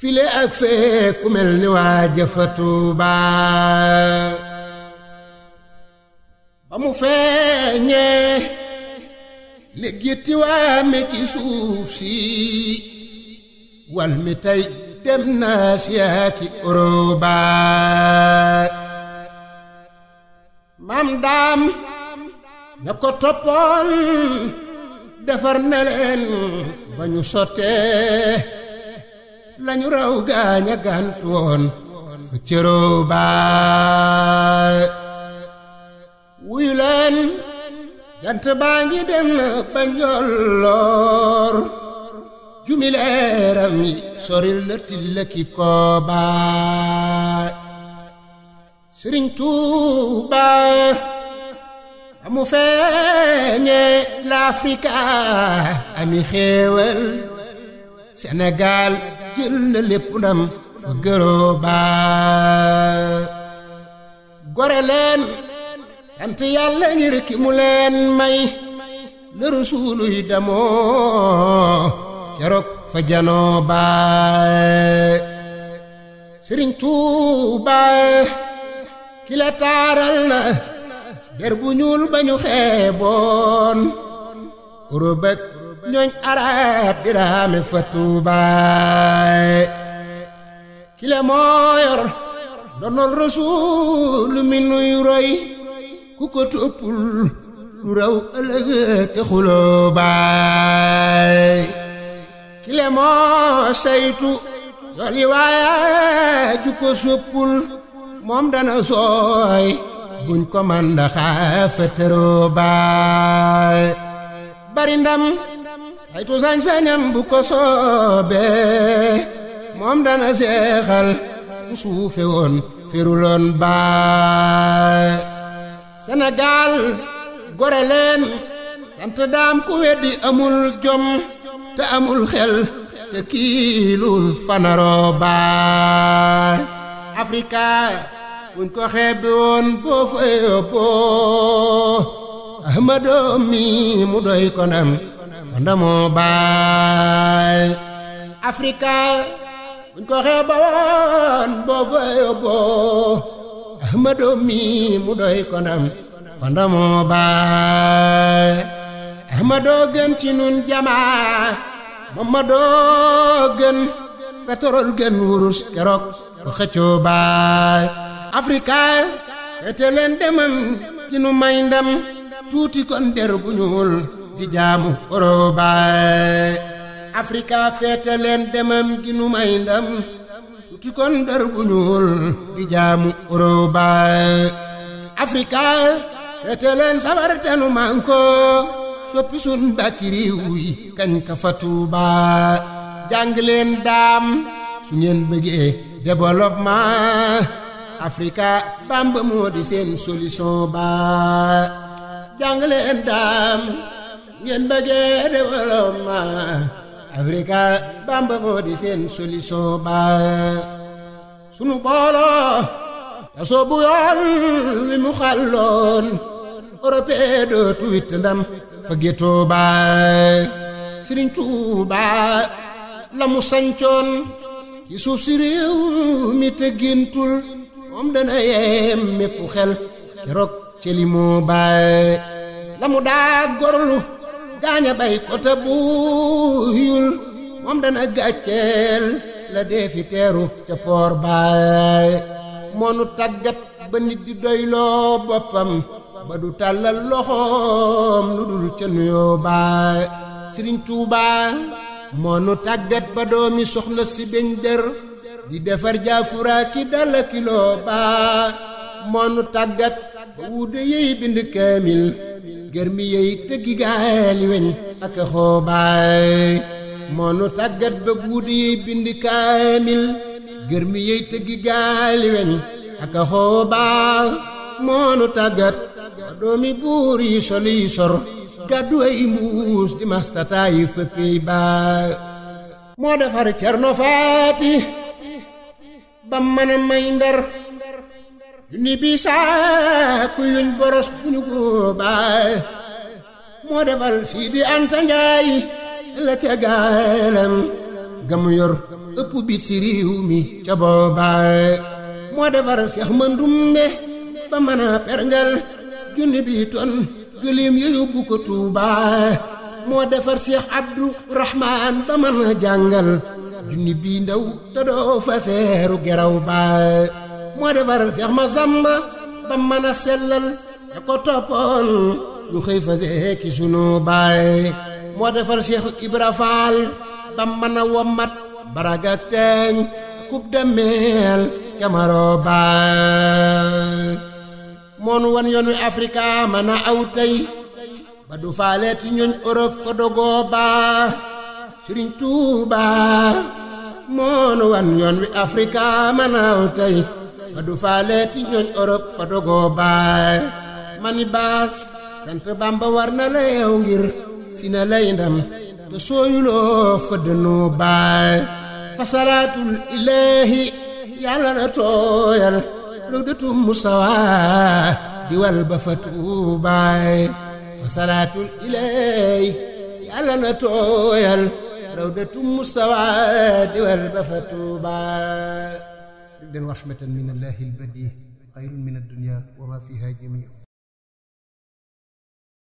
file ak fee ku mel ni waa jëfa Tuuba ba mu feeñee léggiti waa me ci suuf si wal mi tey dem naa siyaaki Oroba maam daam ña ko toppoon defar na leen ba ñu sottee lañu raw gaaña gànt woon fa cëroo baay wuyu leen jant baa ngi dem na ba njolloor jumi yi soril na tilla ki koo baay sëriñ Tuuba amu feeñe l'Afrique ami xéewal Sénégal jël na lépp ndam fa gëroo baa gore leen sant yàlla ngir ki mu leen may la rasuulu yi damoo keroog fa janoo baa sëriñ Tuubaa ki la taaral na der bu ñuul ba xeeboon urubëg ñooñ arab di raame fa tuubaay kile moo yor donol rasuul mi nuy roy ku ko toppul lu raw ëllëg te xuloo baay kile moo saytu doli waaya ju ko soppul moom dana sooy buñ ko man da xaafa tëroo baay bari ndam saytu sañ-sañam bu ko soobee moom dana seexal ku suufe woon firuloon baay Sénégal gore leen sant daam ku weddi amul jom te amul xel te kiilul fanaroo baay Afrika buñ ko xeeb woon boo fa yóbboo Ahmadu mi mu doy ko nam ndamoo baay Afrika buñ ba woon boo fa yóbboo Ahmadu mi mu doy ko ndam fa ndamoo baay Ahmadoo gën ci nun jamaa Mamadoo gën pétrole gën wurus keroog fa xëccoo baay Afrika xeete leen demam ci nu may ndam tuuti kon der gu ñuul di jamu robaay afrika fete len demam gi nu may ndam kon dar bu ñuul di jamu roba afrika fete len sabar tanu manko soppi sun bakiri wi kan ka fatuba jang len dam su ngeen development afrika bamba modi di solution ba jàng ngeen bëggee développement Africa Bamba moo di seen solution ba sunu booloo ta soobu yoon wi mu xàlloon Europe dootu witt ndam fa gétoo ba Sëriñ Tuuba la mu sancoon ci suuf si réew mi tëggintul moom dana yem mépp xel keroog celi moo baay la mu daa gorlu gaaña bay kota buuyul moom dana gàcceel la dee fi teeru ca poor baay moonu tàggat ba nit di doyloo boppam ba du tàllal loxoom lu dul ca nuyoo baay sëriñ tuubaa moonu tàggat ba doomi soxna si dër di defar jaafuraa ki baa moonu tàggat ba wuude yey bind kaamil gërmi yey tëggi gaayali weñ ak xoobaay moo nu tàggat ba guut yey bind kaamil gërmi yey tëggi gaayali weñ ak xoobaay moo nu tàggat ba doomi buur yi soli sor gàddu ay mbuus di mastataayi fëppey baay moo defar cerno faati ba mën a may ndar junni bi saaku yuñ boros bu ñu ko moo defal Sidi Anta Njaay la ca gaalam gamu ëpp bit si réew mi ca boobaay moo defar Seex Mandumbe ba mën a perngal junni bi ton gëléem ya yóbbu ko Tuubaa moo defar Seex Abdu Rahmaan ba mën a jàngal junni bi ndaw te doo fa seeru geraw baay moo defaral Seex Masamba ba mën sellal ya ko toppoon xëy fa seeki sunu baay moo defar Seex Ibra Faal ba wommat baraga teeñ kub demeel camaro baay moonu wan yoonu Afrika mën a aw tey ba du faaleeti ñooñ Europe fa dogoo baa Sëriñ Tuubaa moonu wan yoon wi Afrika mën a aw tey fa du faaleeti ñooñ Europe fa dogoo baay mani baas sant Bamba war na la yow ngir si na lay ndam te sooyuloo fëdd noo baay fa salaatul ilaahi yàlla na tooyal lu dutum musawaa di wal ba fa tuubaay fa salaatul ilaahi yàlla na tooyal rawdatu mustawa diwal ba fa tuubaay للرحمة من الله البديه خير من الدنيا وما فيها جميع